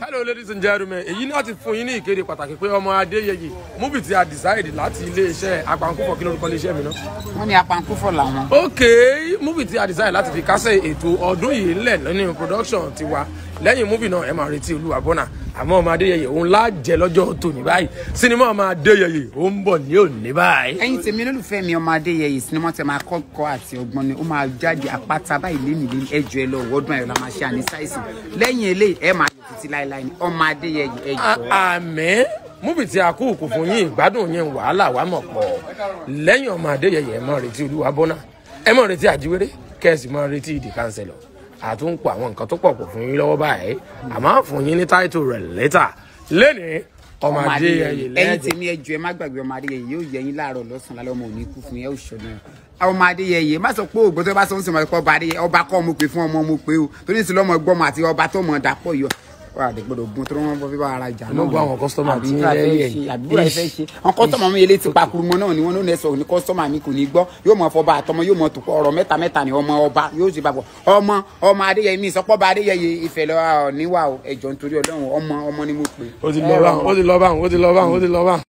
hello ladies and gentlemen èyí láti fún yín ní ìkéde pàtàkì pé ọmọ adéyẹyẹ múbi tí a decide láti iléeṣẹ́ apankúfọ̀ kí lórúkọ iléeṣẹ́ mi náà. wọ́n ní apankúfọ̀ làwọn. ok múbi tí a decide láti fi kásẹ̀ ètò ọdún yìí ńlẹ̀ lẹ́nu production tiwa lẹ́yìn múfì náà ẹ máa retí olúwa bọ́nà àmọ́ ọmọ adéyẹyẹ òun láàjẹ lọ́jọ́ tòní báyìí sinimá ọmọ adéyẹyẹ ó ń bọ̀ ní òní báyìí. ẹ̀yin tèmi olólùfẹ́ mi ọmọ adéyẹyẹ sinimá tẹ máa kọ́kọ́ àti ọgbọ́n ni ó máa jáde àpáta báyìí lẹ́nu lẹ́nu ẹjọ́ ẹ lọ wọ́dún ayọ̀ la máa ṣe àní sáìsì lẹ́yìn eléyìí ẹ máa yọ títí láéláé ni ọmọ adéyẹyẹ ẹjọ́. àmín múbi tí a kú òkú fún yín ìgbádùn yín wàhálà wà mọ̀ pọ̀ lẹ́yìn ọmọ adéyẹyẹ ẹ máa retí olúwa bọ́nà ẹ máa retí àjíwéré kẹ́ẹ̀sì máa retí ìdí kánsẹ́lọ̀ àtúnpọ̀ àwọn nǹkan tó pọ̀pọ̀ fún yín lọ́wọ́ báyìí àmọ́ fún yín ní táìtò rẹ̀ lẹ́tà lẹ́nìí ọmọ adéyẹyẹ lẹ́yìn ẹ̀yin tèmi ẹjọ ẹ má gbàgbé ọmọ adéyẹyẹ yóò yẹ yín láàárọ̀ lọ́sàn-án lálẹ́ ọmọ òní kú fún yẹ òṣèlú ọmọ adéyẹyẹ má sọ pé ògbótọ́ bá sọ ń sọ ọmọ ẹ̀kọ́ ọba adéyẹyẹ ọba kọ́ mo pè fún ọmọ mo pè o torí ìsìlọ́mọ ẹgbọ́n àti ọba tó mọ̀ dàpọ̀ yọ wà á dẹgbọdọ gun tó wọn bọ bí wàá ra ìjà náà. lọ́gbọ́n àwọn kọ́sítọ́mà ti ń rẹ́lí ẹ̀. àbúrò ẹ ṣe àwọn kọ́sítọ́mà mi eléyìí ti pakuru mọ náà ni wọn ló ní ẹsẹ̀ mi kò ní gbọ́ yóò mọ fọba àtọmọ yóò mọ tòkọ ọ̀rọ̀ mẹ́ta mẹ́ta ni ọmọ ọba yóò ṣe bàbọ̀ ọmọ ọmọ adéyẹmí ìsọpọ̀ba adéyẹyẹ ìfẹ́ lọ́wọ́ níwà ẹ̀jọ̀ nítorí ọlọ́run ọmọ ọmọ ni mo pè. ó ti lọ báwọn ó ti lọ báwọn ó ti lọ báwọn ó